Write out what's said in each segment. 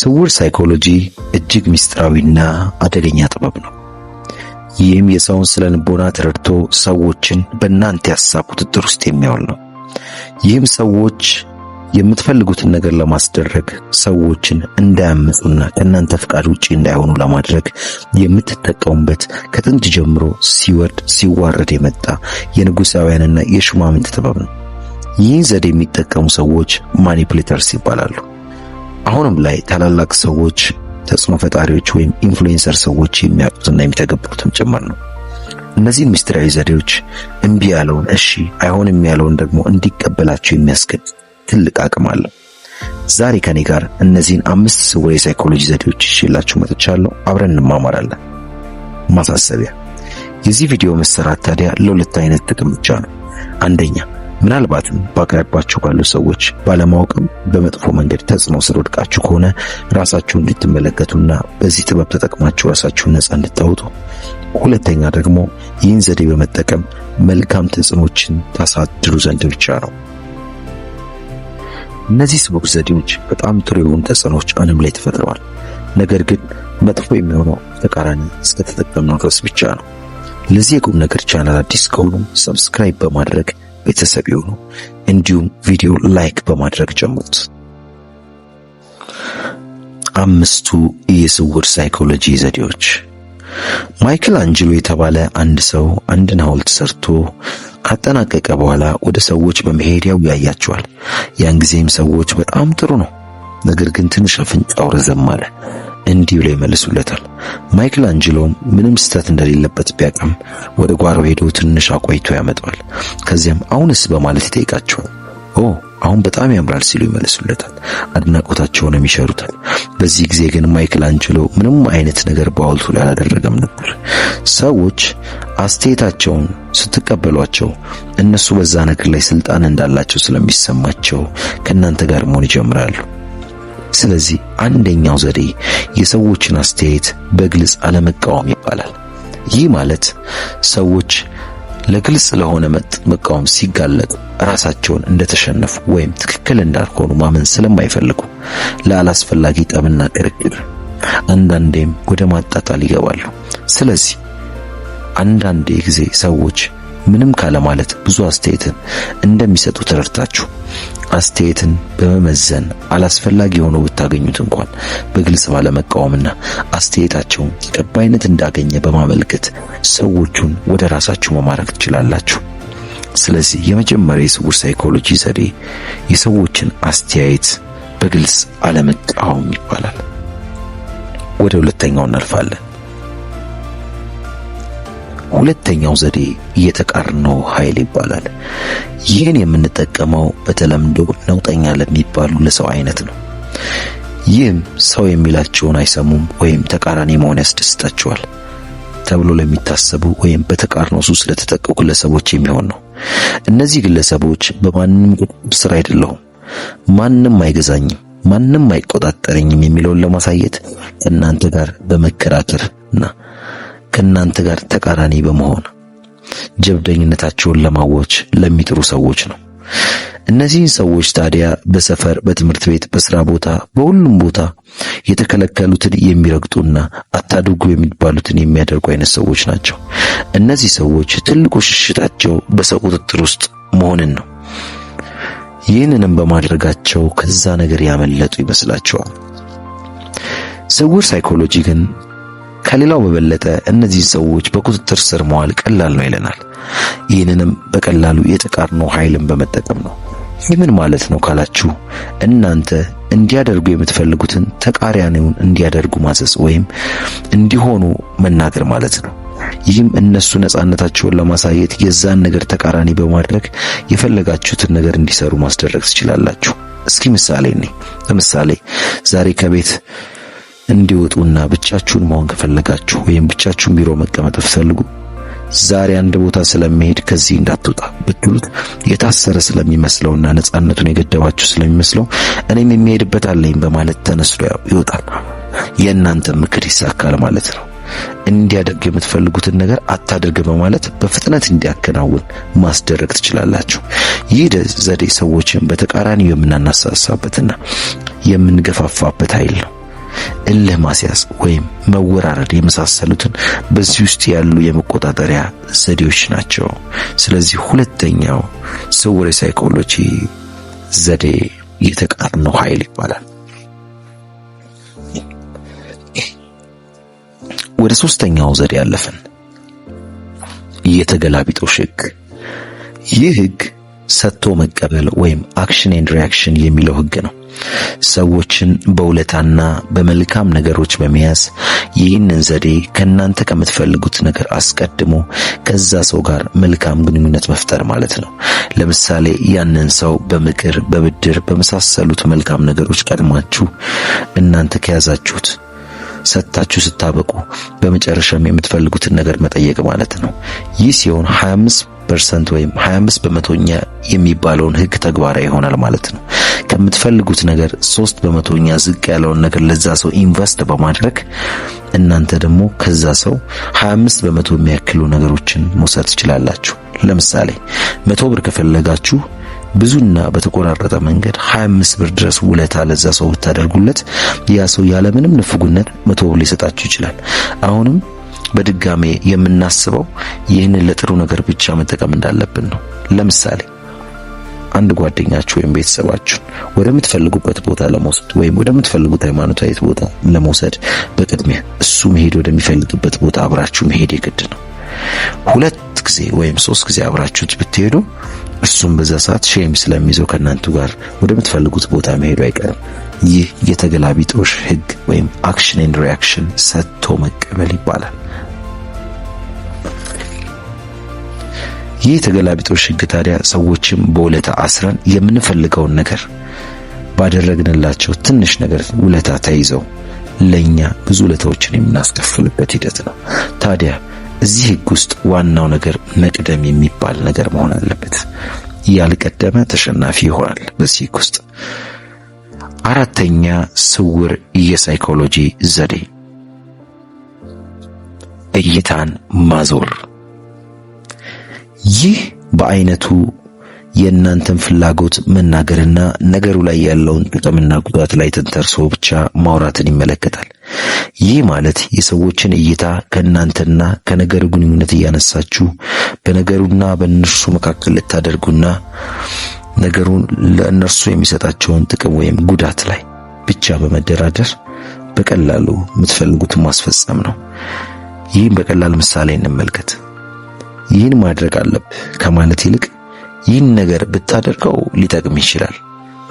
ስውር ሳይኮሎጂ እጅግ ምስጢራዊና አደገኛ ጥበብ ነው። ይህም የሰውን ስነ ልቦና ተረድቶ ሰዎችን በእናንተ የሐሳብ ቁጥጥር ውስጥ የሚያውል ነው። ይህም ሰዎች የምትፈልጉትን ነገር ለማስደረግ ሰዎችን እንዳያመፁና ከእናንተ ፍቃድ ውጪ እንዳይሆኑ ለማድረግ የምትጠቀሙበት ከጥንት ጀምሮ ሲወርድ ሲዋረድ የመጣ የንጉሳውያንና የሹማምንት ጥበብ ነው። ይህን ዘዴ የሚጠቀሙ ሰዎች ማኒፕሌተርስ ይባላሉ። አሁንም ላይ ታላላቅ ሰዎች፣ ተጽዕኖ ፈጣሪዎች ወይም ኢንፍሉዌንሰር ሰዎች የሚያውቁትና የሚተገብሩትም ጭምር ነው። እነዚህን ምስጢራዊ ዘዴዎች እምቢ ያለውን እሺ አይሆንም ያለውን ደግሞ እንዲቀበላቸው የሚያስገድ ትልቅ አቅም አለው። ዛሬ ከኔ ጋር እነዚህን አምስት ስውር የሳይኮሎጂ ዘዴዎች ይዤላችሁ መጥቻለሁ። አብረን እንማማራለን። ማሳሰቢያ፣ የዚህ ቪዲዮ መሰራት ታዲያ ለሁለት አይነት ጥቅም ብቻ ነው። አንደኛ ምናልባትም በአቅራቢያችሁ ካሉ ሰዎች ባለማወቅም በመጥፎ መንገድ ተጽዕኖ ስር ወድቃችሁ ከሆነ ራሳችሁ እንድትመለከቱና በዚህ ጥበብ ተጠቅማችሁ ራሳችሁን ነፃ እንድታወጡ፣ ሁለተኛ ደግሞ ይህን ዘዴ በመጠቀም መልካም ተጽዕኖችን ታሳድሩ ዘንድ ብቻ ነው። እነዚህ ስቦች ዘዴዎች በጣም ጥሩ የሆኑ ተጽዕኖች ዓለም ላይ ተፈጥረዋል። ነገር ግን መጥፎ የሚሆነው ተቃራኒ እስከተጠቀምነው ድረስ ብቻ ነው። ለዚህ የቁም ነገር ቻናል አዲስ ከሆኑ ሰብስክራይብ በማድረግ ቤተሰብ ይሁኑ። እንዲሁም ቪዲዮ ላይክ በማድረግ ጀምሩት። አምስቱ የስውር ሳይኮሎጂ ዘዴዎች። ማይክል አንጅሎ የተባለ አንድ ሰው አንድን ሐውልት ሰርቶ ካጠናቀቀ በኋላ ወደ ሰዎች በመሄድ ያያቸዋል። ያን ጊዜም ሰዎች በጣም ጥሩ ነው፣ ነገር ግን ትንሽ አፍንጫው ረዘም አለ እንዲህ ብለው ይመልሱለታል። ማይክል አንጅሎም ምንም ስህተት እንደሌለበት ቢያቅም ወደ ጓሮ ሄዶ ትንሽ አቆይቶ ያመጣዋል። ከዚያም አሁንስ በማለት ይጠይቃቸዋል። ኦ አሁን በጣም ያምራል ሲሉ ይመልሱለታል። አድናቆታቸውንም ይሸሩታል። በዚህ ጊዜ ግን ማይክል አንጅሎ ምንም አይነት ነገር በሐውልቱ ላይ አላደረገም ነበር። ሰዎች አስተያየታቸውን ስትቀበሏቸው እነሱ በዛ ነገር ላይ ስልጣን እንዳላቸው ስለሚሰማቸው ከእናንተ ጋር መሆን ይጀምራሉ። ስለዚህ አንደኛው ዘዴ የሰዎችን አስተያየት በግልጽ አለመቃወም ይባላል። ይህ ማለት ሰዎች ለግልጽ ለሆነ መቃወም ሲጋለጡ ራሳቸውን እንደተሸነፉ ወይም ትክክል እንዳልሆኑ ማመን ስለማይፈልጉ ለአላስፈላጊ ጠብና ክርክር፣ አንዳንዴም ወደ ማጣጣል ይገባሉ። ስለዚህ አንዳንዴ ጊዜ ሰዎች ምንም ካለማለት ብዙ አስተያየትን እንደሚሰጡ ተረድታችሁ አስተያየትን በመመዘን አላስፈላጊ ሆኖ ብታገኙት እንኳን በግልጽ ባለመቃወምና አስተያየታቸው ተቀባይነት እንዳገኘ በማመልከት ሰዎቹን ወደ ራሳችሁ መማረክ ትችላላችሁ። ስለዚህ የመጀመሪያ የስውር ሳይኮሎጂ ዘዴ የሰዎችን አስተያየት በግልጽ አለመቃወም ይባላል። ወደ ሁለተኛው እናልፋለን። ሁለተኛው ዘዴ የተቃርኖ ኃይል ይባላል። ይህን የምንጠቀመው በተለምዶ ነውጠኛ ለሚባሉ ለሰው አይነት ነው። ይህም ሰው የሚላቸውን አይሰሙም ወይም ተቃራኒ መሆን ያስደስታቸዋል ተብሎ ለሚታሰቡ ወይም በተቃርኖ ሱስ ለተጠቁ ግለሰቦች የሚሆን ነው። እነዚህ ግለሰቦች በማንም ቁጥጥር ስር አይደለሁም፣ ማንም አይገዛኝም፣ ማንም አይቆጣጠረኝም የሚለውን ለማሳየት እናንተ ጋር በመከራከር እና ከእናንተ ጋር ተቃራኒ በመሆን ጀብደኝነታቸውን ለማወች ለሚጥሩ ሰዎች ነው። እነዚህን ሰዎች ታዲያ በሰፈር፣ በትምህርት ቤት፣ በስራ ቦታ፣ በሁሉም ቦታ የተከለከሉትን የሚረግጡና አታድርጉ የሚባሉትን የሚያደርጉ አይነት ሰዎች ናቸው። እነዚህ ሰዎች ትልቁ ሽሽታቸው በሰው ቁጥጥር ውስጥ መሆንን ነው። ይህንንም በማድረጋቸው ከዛ ነገር ያመለጡ ይመስላቸዋል። ስውር ሳይኮሎጂ ግን ከሌላው በበለጠ እነዚህ ሰዎች በቁጥጥር ስር መዋል ቀላል ነው ይለናል። ይህንንም በቀላሉ የተቃርኖ ኃይልን በመጠቀም ነው። ይህ ምን ማለት ነው ካላችሁ እናንተ እንዲያደርጉ የምትፈልጉትን ተቃራኒውን እንዲያደርጉ ማዘዝ ወይም እንዲሆኑ መናገር ማለት ነው። ይህም እነሱ ነፃነታቸውን ለማሳየት የዛን ነገር ተቃራኒ በማድረግ የፈለጋችሁትን ነገር እንዲሰሩ ማስደረግ ትችላላችሁ። እስኪ ምሳሌ እኔ ለምሳሌ ዛሬ ከቤት እንዲወጡና ብቻችሁን መሆን ከፈለጋችሁ ወይም ብቻችሁን ቢሮ መቀመጥ ፈልጉ ዛሬ አንድ ቦታ ስለሚሄድ ከዚህ እንዳትወጣ ብትሉት የታሰረ ስለሚመስለውና ነፃነቱን የገደባችሁ ስለሚመስለው እኔም የሚሄድበት አለኝ በማለት ተነስቶ ይወጣል። የእናንተ ምክር ይሳካል ማለት ነው። እንዲያደርግ የምትፈልጉትን ነገር አታድርግ በማለት በፍጥነት እንዲያከናውን ማስደረግ ትችላላችሁ። ይህ ዘዴ ሰዎችን በተቃራኒው የምናናሳሳበትና የምንገፋፋበት ኃይል ነው። እልህ ማስያዝ ወይም መወራረድ የመሳሰሉትን በዚህ ውስጥ ያሉ የመቆጣጠሪያ ዘዴዎች ናቸው። ስለዚህ ሁለተኛው ስውር የሳይኮሎጂ ዘዴ የተቃርኖ ኃይል ይባላል። ወደ ሶስተኛው ዘዴ ያለፍን የተገላቢጦሽ ሕግ ይህ ህግ ሰጥቶ መቀበል ወይም አክሽን ኤንድ ሪያክሽን የሚለው ህግ ነው። ሰዎችን በውለታና በመልካም ነገሮች በመያዝ ይህንን ዘዴ ከእናንተ ከምትፈልጉት ነገር አስቀድሞ ከዛ ሰው ጋር መልካም ግንኙነት መፍጠር ማለት ነው። ለምሳሌ ያንን ሰው በምክር፣ በብድር፣ በመሳሰሉት መልካም ነገሮች ቀድማችሁ እናንተ ከያዛችሁት ሰጥታችሁ ስታበቁ በመጨረሻም የምትፈልጉትን ነገር መጠየቅ ማለት ነው። ይህ ሲሆን 25 ፐርሰንት ወይም 25 በመቶኛ የሚባለውን ህግ ተግባራዊ ይሆናል ማለት ነው። ከምትፈልጉት ነገር ሶስት በመቶኛ ዝቅ ያለውን ነገር ለዛ ሰው ኢንቨስት በማድረግ እናንተ ደግሞ ከዛ ሰው 25 በመቶ የሚያክሉ ነገሮችን መውሰድ ትችላላችሁ። ለምሳሌ መቶ ብር ከፈለጋችሁ ብዙና በተቆራረጠ መንገድ 25 ብር ድረስ ውለታ ለዛ ሰው ብታደርጉለት ያ ሰው ያለምንም ንፍጉነት መቶ ብር ሊሰጣችሁ ይችላል። አሁንም በድጋሜ የምናስበው ይህንን ለጥሩ ነገር ብቻ መጠቀም እንዳለብን ነው። ለምሳሌ አንድ ጓደኛችሁ ወይም ቤተሰባችሁን ወደምትፈልጉበት ቦታ ለመውሰድ ወይም ወደምትፈልጉት ሃይማኖታዊ ቦታ ለመውሰድ በቅድሚያ እሱ መሄድ ወደሚፈልግበት ቦታ አብራችሁ መሄድ የግድ ነው። ሁለት ጊዜ ወይም ሶስት ጊዜ አብራችሁት ብትሄዱ እሱም በዛ ሰዓት ሼም ስለሚይዘው ከእናንቱ ጋር ወደምትፈልጉት ቦታ መሄዱ አይቀርም። ይህ የተገላቢጦሽ ህግ ወይም አክሽን ኤንድ ሪያክሽን ሰጥቶ መቀበል ይባላል። ይህ ተገላቢጦሽ ሕግ ታዲያ ሰዎችም በውለታ አስረን የምንፈልገውን ነገር ባደረግንላቸው ትንሽ ነገር ውለታ ተይዘው ለኛ ብዙ ውለታዎችን የምናስከፍልበት ሂደት ነው። ታዲያ እዚህ ሕግ ውስጥ ዋናው ነገር መቅደም የሚባል ነገር መሆን አለበት። ያልቀደመ ተሸናፊ ይሆናል በዚህ ሕግ ውስጥ። አራተኛ ስውር የሳይኮሎጂ ዘዴ እይታን ማዞር ይህ በአይነቱ የእናንተን ፍላጎት መናገርና ነገሩ ላይ ያለውን ጥቅምና ጉዳት ላይ ተንተርሶ ብቻ ማውራትን ይመለከታል። ይህ ማለት የሰዎችን እይታ ከእናንተና ከነገሩ ግንኙነት እያነሳችሁ በነገሩና በእነርሱ መካከል ልታደርጉና ነገሩን ለእነርሱ የሚሰጣቸውን ጥቅም ወይም ጉዳት ላይ ብቻ በመደራደር በቀላሉ የምትፈልጉትን ማስፈጸም ነው። ይህም በቀላል ምሳሌ እንመልከት። ይህን ማድረግ አለብህ ከማለት ይልቅ ይህን ነገር ብታደርገው ሊጠቅም ይችላል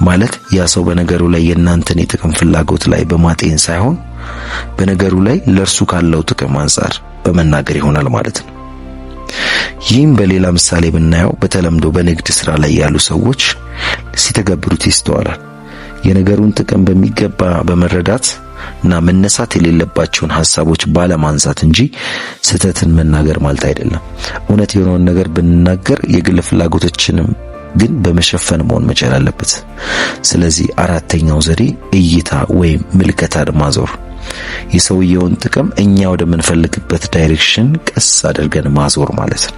ማለት ያ ሰው በነገሩ ላይ የእናንተን የጥቅም ፍላጎት ላይ በማጤን ሳይሆን በነገሩ ላይ ለእርሱ ካለው ጥቅም አንጻር በመናገር ይሆናል ማለት ነው። ይህም በሌላ ምሳሌ ብናየው በተለምዶ በንግድ ስራ ላይ ያሉ ሰዎች ሲተገብሩት ይስተዋላል። የነገሩን ጥቅም በሚገባ በመረዳት እና መነሳት የሌለባቸውን ሀሳቦች ባለማንሳት እንጂ ስህተትን መናገር ማለት አይደለም። እውነት የሆነውን ነገር ብንናገር የግል ፍላጎቶችንም ግን በመሸፈን መሆን መቻል አለበት። ስለዚህ አራተኛው ዘዴ እይታ ወይም ምልከታን ማዞር የሰውየውን ጥቅም እኛ ወደምንፈልግበት ዳይሬክሽን ቀስ አድርገን ማዞር ማለት ነው።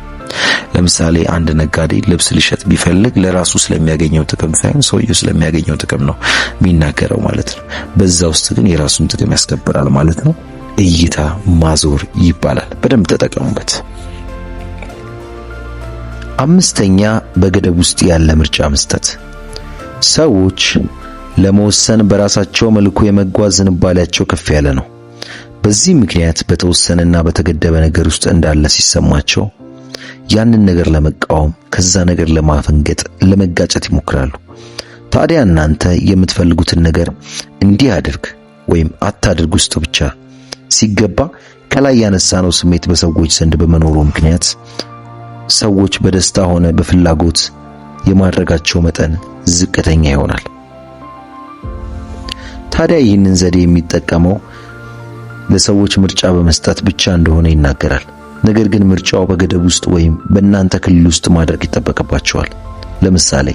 ለምሳሌ አንድ ነጋዴ ልብስ ሊሸጥ ቢፈልግ ለራሱ ስለሚያገኘው ጥቅም ሳይሆን ሰውየው ስለሚያገኘው ጥቅም ነው የሚናገረው ማለት ነው። በዛ ውስጥ ግን የራሱን ጥቅም ያስከብራል ማለት ነው። እይታ ማዞር ይባላል። በደንብ ተጠቀሙበት። አምስተኛ በገደብ ውስጥ ያለ ምርጫ መስጠት። ሰዎች ለመወሰን በራሳቸው መልኩ የመጓዝ ዝንባሌያቸው ከፍ ያለ ነው። በዚህ ምክንያት በተወሰነና በተገደበ ነገር ውስጥ እንዳለ ሲሰማቸው ያንን ነገር ለመቃወም ከዛ ነገር ለማፈንገጥ ለመጋጨት ይሞክራሉ። ታዲያ እናንተ የምትፈልጉትን ነገር እንዲህ አድርግ ወይም አታድርግ ውስጥ ብቻ ሲገባ ከላይ ያነሳነው ስሜት በሰዎች ዘንድ በመኖሩ ምክንያት ሰዎች በደስታ ሆነ በፍላጎት የማድረጋቸው መጠን ዝቅተኛ ይሆናል። ታዲያ ይህንን ዘዴ የሚጠቀመው ለሰዎች ምርጫ በመስጠት ብቻ እንደሆነ ይናገራል። ነገር ግን ምርጫው በገደብ ውስጥ ወይም በእናንተ ክልል ውስጥ ማድረግ ይጠበቅባቸዋል። ለምሳሌ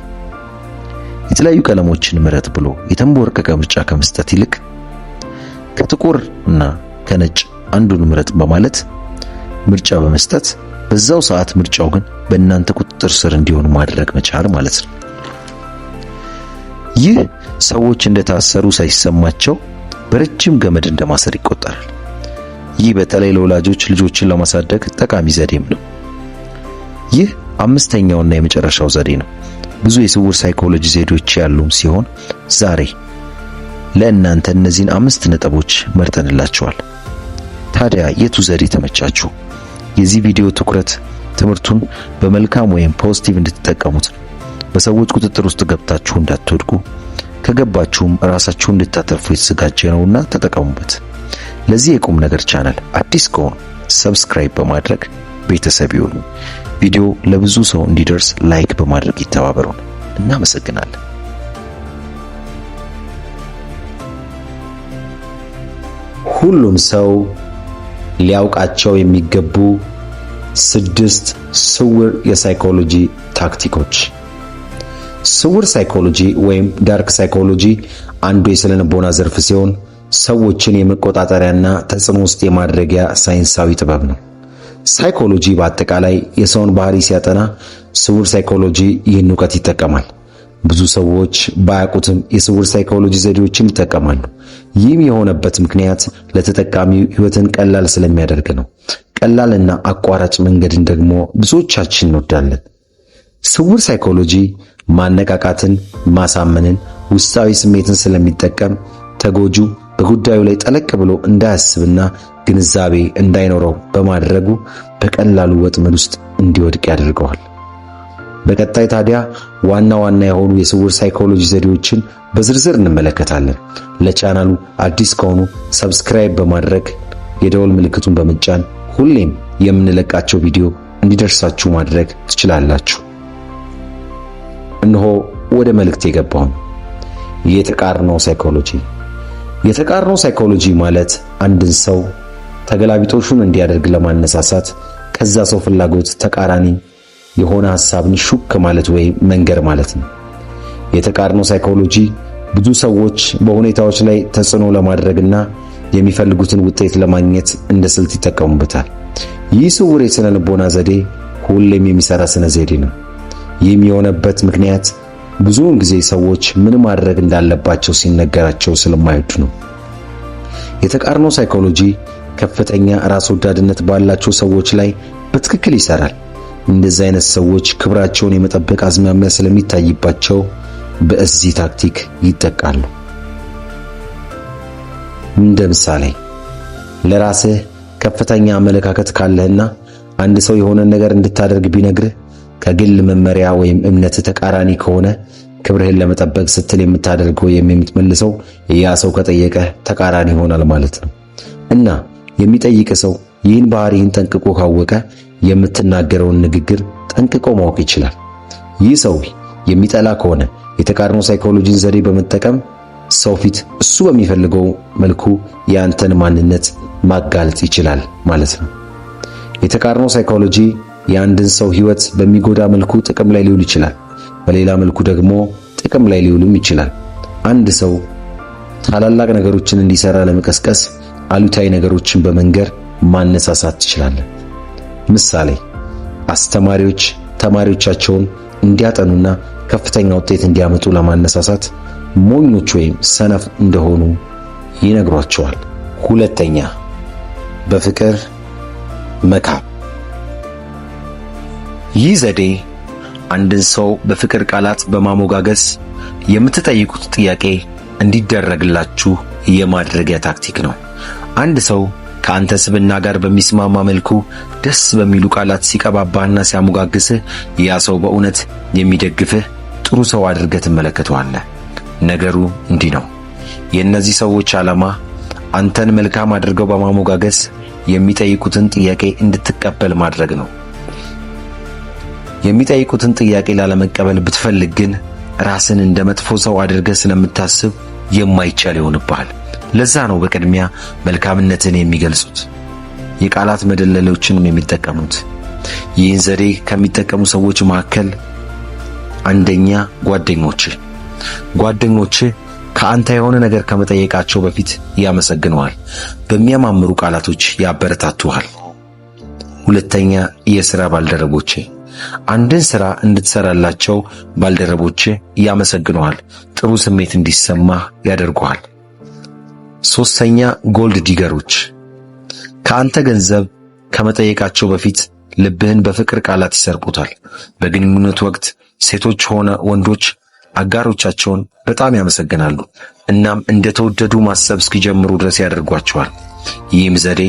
የተለያዩ ቀለሞችን ምረጥ ብሎ የተንቦረቀቀ ምርጫ ከመስጠት ይልቅ ከጥቁር እና ከነጭ አንዱን ምረጥ በማለት ምርጫ በመስጠት በዛው ሰዓት ምርጫው ግን በእናንተ ቁጥጥር ስር እንዲሆን ማድረግ መቻል ማለት ነው። ይህ ሰዎች እንደታሰሩ ሳይሰማቸው በረጅም ገመድ እንደማሰር ይቆጠራል። ይህ በተለይ ለወላጆች ልጆችን ለማሳደግ ጠቃሚ ዘዴም ነው። ይህ አምስተኛውና የመጨረሻው ዘዴ ነው። ብዙ የስውር ሳይኮሎጂ ዘዴዎች ያሉም ሲሆን ዛሬ ለእናንተ እነዚህን አምስት ነጥቦች መርጠንላችኋል። ታዲያ የቱ ዘዴ ተመቻችሁ? የዚህ ቪዲዮ ትኩረት ትምህርቱን በመልካም ወይም ፖዚቲቭ እንድትጠቀሙት ነው። በሰዎች ቁጥጥር ውስጥ ገብታችሁ እንዳትወድቁ፣ ከገባችሁም ራሳችሁን እንድታተርፉ የተዘጋጀ ነውና ተጠቀሙበት። ለዚህ የቁም ነገር ቻናል አዲስ ከሆኑ ሰብስክራይብ በማድረግ ቤተሰብ ይሁኑ። ቪዲዮ ለብዙ ሰው እንዲደርስ ላይክ በማድረግ ይተባበሩን። እናመሰግናለን። ሁሉም ሰው ሊያውቃቸው የሚገቡ ስድስት ስውር የሳይኮሎጂ ታክቲኮች። ስውር ሳይኮሎጂ ወይም ዳርክ ሳይኮሎጂ አንዱ የስነ ልቦና ዘርፍ ሲሆን ሰዎችን የመቆጣጠሪያና ተጽዕኖ ውስጥ የማድረጊያ ሳይንሳዊ ጥበብ ነው። ሳይኮሎጂ በአጠቃላይ የሰውን ባህሪ ሲያጠና፣ ስውር ሳይኮሎጂ ይህን እውቀት ይጠቀማል። ብዙ ሰዎች ባያውቁትም የስውር ሳይኮሎጂ ዘዴዎችን ይጠቀማሉ። ይህም የሆነበት ምክንያት ለተጠቃሚው ሕይወትን ቀላል ስለሚያደርግ ነው። ቀላልና አቋራጭ መንገድን ደግሞ ብዙዎቻችን እንወዳለን። ስውር ሳይኮሎጂ ማነቃቃትን፣ ማሳመንን፣ ውስጣዊ ስሜትን ስለሚጠቀም ተጎጁ በጉዳዩ ላይ ጠለቅ ብሎ እንዳያስብና ግንዛቤ እንዳይኖረው በማድረጉ በቀላሉ ወጥመድ ውስጥ እንዲወድቅ ያደርገዋል። በቀጣይ ታዲያ ዋና ዋና የሆኑ የስውር ሳይኮሎጂ ዘዴዎችን በዝርዝር እንመለከታለን። ለቻናሉ አዲስ ከሆኑ ሰብስክራይብ በማድረግ የደወል ምልክቱን በመጫን ሁሌም የምንለቃቸው ቪዲዮ እንዲደርሳችሁ ማድረግ ትችላላችሁ። እነሆ ወደ መልእክት የገባው የተቃርኖ ሳይኮሎጂ የተቃርኖ ሳይኮሎጂ ማለት አንድን ሰው ተገላቢጦሹን እንዲያደርግ ለማነሳሳት ከዛ ሰው ፍላጎት ተቃራኒ የሆነ ሐሳብን ሹክ ማለት ወይ መንገር ማለት ነው። የተቃርኖ ሳይኮሎጂ ብዙ ሰዎች በሁኔታዎች ላይ ተጽዕኖ ለማድረግና የሚፈልጉትን ውጤት ለማግኘት እንደ ስልት ይጠቀሙበታል። ይህ ስውር የሥነ ልቦና ዘዴ ሁሌም የሚሰራ ስነ ዘዴ ነው። ይህም የሆነበት ምክንያት ብዙውን ጊዜ ሰዎች ምን ማድረግ እንዳለባቸው ሲነገራቸው ስለማይወዱ ነው። የተቃርኖ ሳይኮሎጂ ከፍተኛ ራስ ወዳድነት ባላቸው ሰዎች ላይ በትክክል ይሰራል። እንደዚህ አይነት ሰዎች ክብራቸውን የመጠበቅ አዝማሚያ ስለሚታይባቸው በእዚህ ታክቲክ ይጠቃሉ። እንደ ምሳሌ ለራስህ ከፍተኛ አመለካከት ካለህና አንድ ሰው የሆነ ነገር እንድታደርግ ቢነግርህ ከግል መመሪያ ወይም እምነት ተቃራኒ ከሆነ ክብርህን ለመጠበቅ ስትል የምታደርገው የምትመልሰው ያ ሰው ከጠየቀ ተቃራኒ ይሆናል ማለት ነው እና የሚጠይቅ ሰው ይህን ባህሪህን ጠንቅቆ ካወቀ የምትናገረውን ንግግር ጠንቅቆ ማወቅ ይችላል። ይህ ሰው የሚጠላ ከሆነ የተቃርኖ ሳይኮሎጂን ዘዴ በመጠቀም ሰው ፊት እሱ በሚፈልገው መልኩ የአንተን ማንነት ማጋለጥ ይችላል ማለት ነው። የተቃርኖ ሳይኮሎጂ የአንድን ሰው ህይወት በሚጎዳ መልኩ ጥቅም ላይ ሊውል ይችላል፣ በሌላ መልኩ ደግሞ ጥቅም ላይ ሊውልም ይችላል። አንድ ሰው ታላላቅ ነገሮችን እንዲሰራ ለመቀስቀስ አሉታዊ ነገሮችን በመንገር ማነሳሳት ትችላለን። ምሳሌ አስተማሪዎች ተማሪዎቻቸውን እንዲያጠኑና ከፍተኛ ውጤት እንዲያመጡ ለማነሳሳት ሞኞች ወይም ሰነፍ እንደሆኑ ይነግሯቸዋል። ሁለተኛ በፍቅር መካብ ይህ ዘዴ አንድን ሰው በፍቅር ቃላት በማሞጋገስ የምትጠይቁት ጥያቄ እንዲደረግላችሁ የማድረጊያ ታክቲክ ነው። አንድ ሰው ከአንተ ስብና ጋር በሚስማማ መልኩ ደስ በሚሉ ቃላት ሲቀባባህና ሲያሞጋግስህ ያ ሰው በእውነት የሚደግፍህ ጥሩ ሰው አድርገህ ትመለከተዋለህ። ነገሩ እንዲህ ነው። የእነዚህ ሰዎች ዓላማ አንተን መልካም አድርገው በማሞጋገስ የሚጠይቁትን ጥያቄ እንድትቀበል ማድረግ ነው። የሚጠይቁትን ጥያቄ ላለመቀበል ብትፈልግ ግን ራስን እንደ መጥፎ ሰው አድርገህ ስለምታስብ የማይቻል ይሆንብሃል። ለዛ ነው በቅድሚያ መልካምነትን የሚገልጹት የቃላት መደለሎችንም የሚጠቀሙት። ይህን ዘዴ ከሚጠቀሙ ሰዎች መካከል አንደኛ ጓደኞች ጓደኞች ከአንተ የሆነ ነገር ከመጠየቃቸው በፊት ያመሰግነዋል፣ በሚያማምሩ ቃላቶች ያበረታቱሃል። ሁለተኛ የሥራ ባልደረቦቼ አንድን ሥራ እንድትሰራላቸው ባልደረቦች ያመሰግነዋል፣ ጥሩ ስሜት እንዲሰማህ ያደርገዋል። ሦስተኛ ጎልድ ዲገሮች ከአንተ ገንዘብ ከመጠየቃቸው በፊት ልብህን በፍቅር ቃላት ይሰርቁታል። በግንኙነት ወቅት ሴቶች ሆነ ወንዶች አጋሮቻቸውን በጣም ያመሰግናሉ፣ እናም እንደተወደዱ ማሰብ እስኪጀምሩ ድረስ ያደርጓቸዋል። ይህም ዘዴ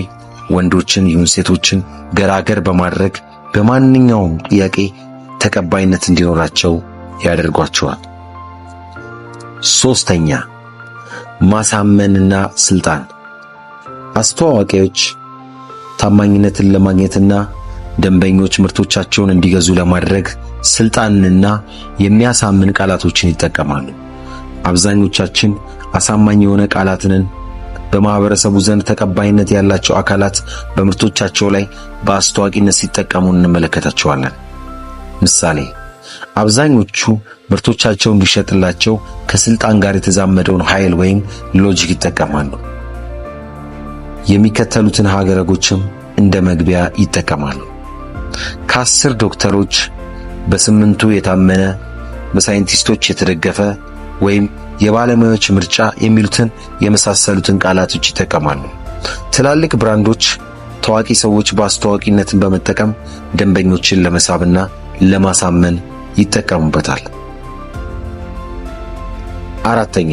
ወንዶችን ይሁን ሴቶችን ገራገር በማድረግ በማንኛውም ጥያቄ ተቀባይነት እንዲኖራቸው ያደርጓቸዋል። ሶስተኛ ማሳመንና ስልጣን። አስተዋዋቂዎች ታማኝነትን ለማግኘትና ደንበኞች ምርቶቻቸውን እንዲገዙ ለማድረግ ስልጣንንና የሚያሳምን ቃላቶችን ይጠቀማሉ። አብዛኞቻችን አሳማኝ የሆነ ቃላትንን በማህበረሰቡ ዘንድ ተቀባይነት ያላቸው አካላት በምርቶቻቸው ላይ በአስተዋቂነት ሲጠቀሙ እንመለከታቸዋለን። ምሳሌ አብዛኞቹ ምርቶቻቸው እንዲሸጥላቸው ከስልጣን ጋር የተዛመደውን ኃይል ወይም ሎጂክ ይጠቀማሉ። የሚከተሉትን ሀገረጎችም እንደ መግቢያ ይጠቀማሉ። ከአስር ዶክተሮች በስምንቱ የታመነ በሳይንቲስቶች የተደገፈ ወይም የባለሙያዎች ምርጫ የሚሉትን የመሳሰሉትን ቃላቶች ይጠቀማሉ። ትላልቅ ብራንዶች ታዋቂ ሰዎች በአስተዋቂነትን በመጠቀም ደንበኞችን ለመሳብና ለማሳመን ይጠቀሙበታል። አራተኛ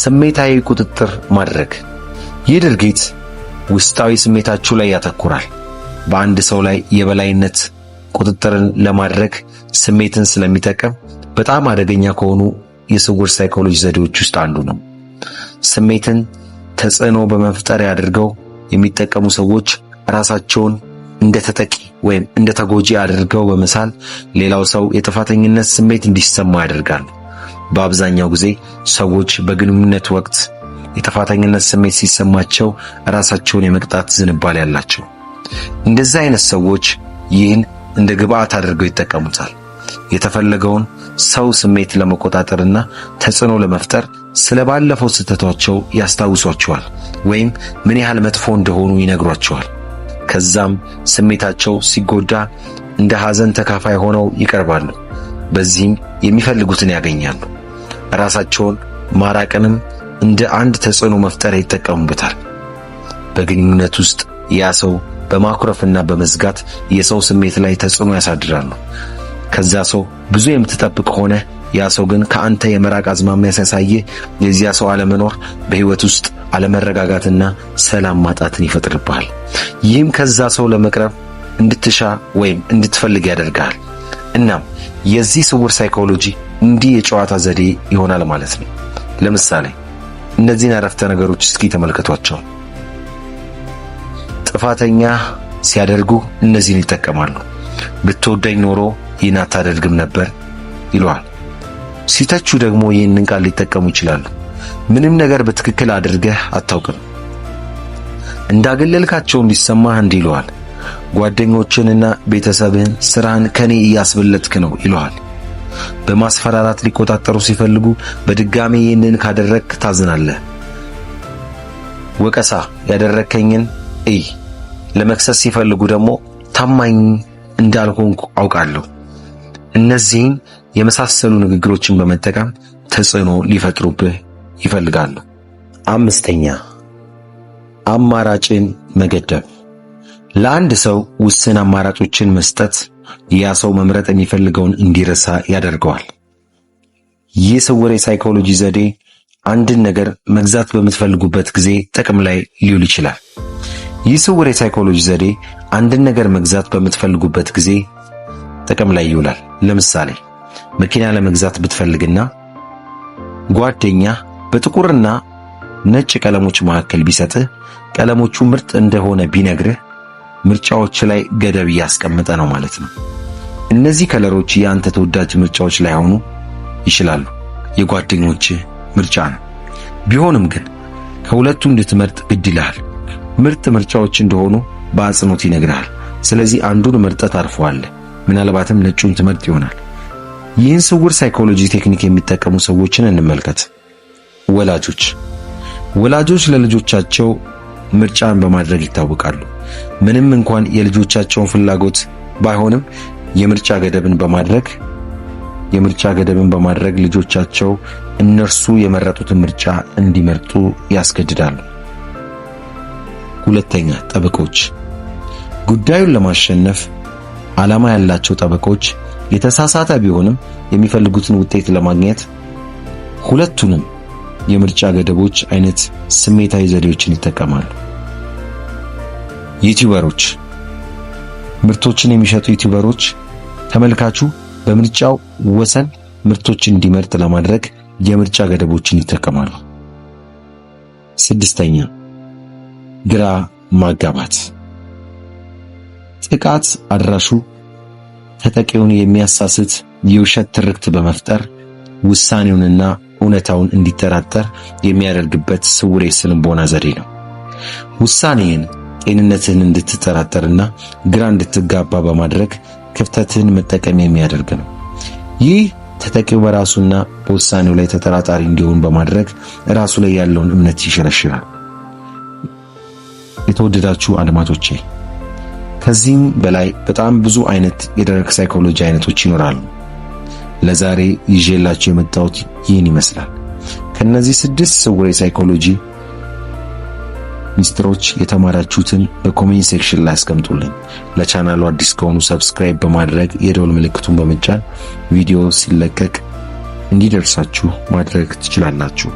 ስሜታዊ ቁጥጥር ማድረግ። ይህ ድርጊት ውስጣዊ ስሜታችሁ ላይ ያተኩራል። በአንድ ሰው ላይ የበላይነት ቁጥጥርን ለማድረግ ስሜትን ስለሚጠቀም በጣም አደገኛ ከሆኑ የስውር ሳይኮሎጂ ዘዴዎች ውስጥ አንዱ ነው። ስሜትን ተጽዕኖ በመፍጠር አድርገው የሚጠቀሙ ሰዎች ራሳቸውን እንደ ተጠቂ ወይም እንደ ተጎጂ አድርገው በመሳል ሌላው ሰው የጥፋተኝነት ስሜት እንዲሰማ ያደርጋል። በአብዛኛው ጊዜ ሰዎች በግንኙነት ወቅት የጥፋተኝነት ስሜት ሲሰማቸው ራሳቸውን የመቅጣት ዝንባሌ ያላቸው፣ እንደዚህ አይነት ሰዎች ይህን እንደ ግብአት አድርገው ይጠቀሙታል። የተፈለገውን ሰው ስሜት ለመቆጣጠርና ተጽዕኖ ለመፍጠር ስለ ባለፈው ስህተቷቸው ያስታውሷቸዋል ወይም ምን ያህል መጥፎ እንደሆኑ ይነግሯቸዋል። ከዛም ስሜታቸው ሲጎዳ እንደ ሐዘን ተካፋይ ሆነው ይቀርባሉ። በዚህም የሚፈልጉትን ያገኛሉ። ራሳቸውን ማራቅንም እንደ አንድ ተጽዕኖ መፍጠሪያ ይጠቀሙበታል። በግንኙነት ውስጥ ያ ሰው በማኩረፍና በመዝጋት የሰው ስሜት ላይ ተጽዕኖ ያሳድራሉ። ከዛ ሰው ብዙ የምትጠብቅ ሆነ ያ ሰው ግን ከአንተ የመራቅ አዝማሚያ ሲያሳይ የዚያ ሰው አለመኖር በሕይወት ውስጥ አለመረጋጋትና ሰላም ማጣትን ይፈጥርብሃል። ይህም ከዛ ሰው ለመቅረብ እንድትሻ ወይም እንድትፈልግ ያደርግሃል። እናም የዚህ ስውር ሳይኮሎጂ እንዲህ የጨዋታ ዘዴ ይሆናል ማለት ነው። ለምሳሌ እነዚህን አረፍተ ነገሮች እስኪ ተመልከቷቸው። ጥፋተኛ ሲያደርጉ እነዚህን ይጠቀማሉ። ብትወደኝ ኖሮ ይህን አታደርግም ነበር ይለዋል። ሲተቹ ደግሞ ይህንን ቃል ሊጠቀሙ ይችላሉ። ምንም ነገር በትክክል አድርገህ አታውቅም፣ እንዳገለልካቸው እንዲሰማህ እንዲህ ይለዋል። ጓደኞችንና ቤተሰብህን፣ ስራህን ከኔ እያስበለጥክ ነው ይለዋል። በማስፈራራት ሊቆጣጠሩ ሲፈልጉ በድጋሜ ይህንን ካደረግክ ታዝናለህ፣ ወቀሳ ያደረከኝን እይ። ለመክሰስ ሲፈልጉ ደግሞ ታማኝ እንዳልሆንኩ አውቃለሁ እነዚህን የመሳሰሉ ንግግሮችን በመጠቀም ተጽዕኖ ሊፈጥሩብህ ይፈልጋሉ። አምስተኛ አማራጭን መገደብ። ለአንድ ሰው ውስን አማራጮችን መስጠት ያ ሰው መምረጥ የሚፈልገውን እንዲረሳ ያደርገዋል። ይህ ስውር የሳይኮሎጂ ዘዴ አንድን ነገር መግዛት በምትፈልጉበት ጊዜ ጥቅም ላይ ሊውል ይችላል። ይህ ስውር የሳይኮሎጂ ዘዴ አንድን ነገር መግዛት በምትፈልጉበት ጊዜ ጥቅም ላይ ይውላል። ለምሳሌ መኪና ለመግዛት ብትፈልግና ጓደኛ በጥቁርና ነጭ ቀለሞች መካከል ቢሰጥህ ቀለሞቹ ምርጥ እንደሆነ ቢነግርህ ምርጫዎች ላይ ገደብ እያስቀመጠ ነው ማለት ነው። እነዚህ ከለሮች የአንተ ተወዳጅ ምርጫዎች ላይሆኑ ይችላሉ። የጓደኞች ምርጫ ነው። ቢሆንም ግን ከሁለቱ እንድትመርጥ ግድ ይልሃል። ምርጥ ምርጫዎች እንደሆኑ በአጽንኦት ይነግርሃል። ስለዚህ አንዱን መርጠህ ታርፈዋለህ። ምናልባትም ነጩን ትመርጥ ይሆናል። ይህን ስውር ሳይኮሎጂ ቴክኒክ የሚጠቀሙ ሰዎችን እንመልከት። ወላጆች ወላጆች ለልጆቻቸው ምርጫን በማድረግ ይታወቃሉ። ምንም እንኳን የልጆቻቸውን ፍላጎት ባይሆንም የምርጫ ገደብን በማድረግ የምርጫ ገደብን በማድረግ ልጆቻቸው እነርሱ የመረጡትን ምርጫ እንዲመርጡ ያስገድዳሉ። ሁለተኛ ጠበቆች ጉዳዩን ለማሸነፍ ዓላማ ያላቸው ጠበቆች የተሳሳተ ቢሆንም የሚፈልጉትን ውጤት ለማግኘት ሁለቱንም የምርጫ ገደቦች አይነት ስሜታዊ ዘዴዎችን ይጠቀማሉ። ዩቲዩበሮች ምርቶችን የሚሸጡ ዩቲዩበሮች ተመልካቹ በምርጫው ወሰን ምርቶችን እንዲመርጥ ለማድረግ የምርጫ ገደቦችን ይጠቀማሉ። ስድስተኛ ግራ ማጋባት ጥቃት አድራሹ ተጠቂውን የሚያሳስት የውሸት ትርክት በመፍጠር ውሳኔውንና እውነታውን እንዲጠራጠር የሚያደርግበት ስውር የስንቦና ዘዴ ነው። ውሳኔህን ጤንነትህን እንድትጠራጠርና ግራ እንድትጋባ በማድረግ ክፍተትህን መጠቀም የሚያደርግ ነው። ይህ ተጠቂው በራሱና በውሳኔው ላይ ተጠራጣሪ እንዲሆን በማድረግ ራሱ ላይ ያለውን እምነት ይሸረሽራል። የተወደዳችሁ አድማጮቼ ከዚህም በላይ በጣም ብዙ አይነት የደረቅ ሳይኮሎጂ አይነቶች ይኖራሉ። ለዛሬ ይዤላችሁ የመጣሁት ይህን ይመስላል። ከነዚህ ስድስት ስውር የሳይኮሎጂ ሚስጥሮች የተማራችሁትን በኮሜንት ሴክሽን ላይ አስቀምጡልኝ። ለቻናሉ አዲስ ከሆኑ ሰብስክራይብ በማድረግ የደወል ምልክቱን በመጫን ቪዲዮ ሲለቀቅ እንዲደርሳችሁ ማድረግ ትችላላችሁ።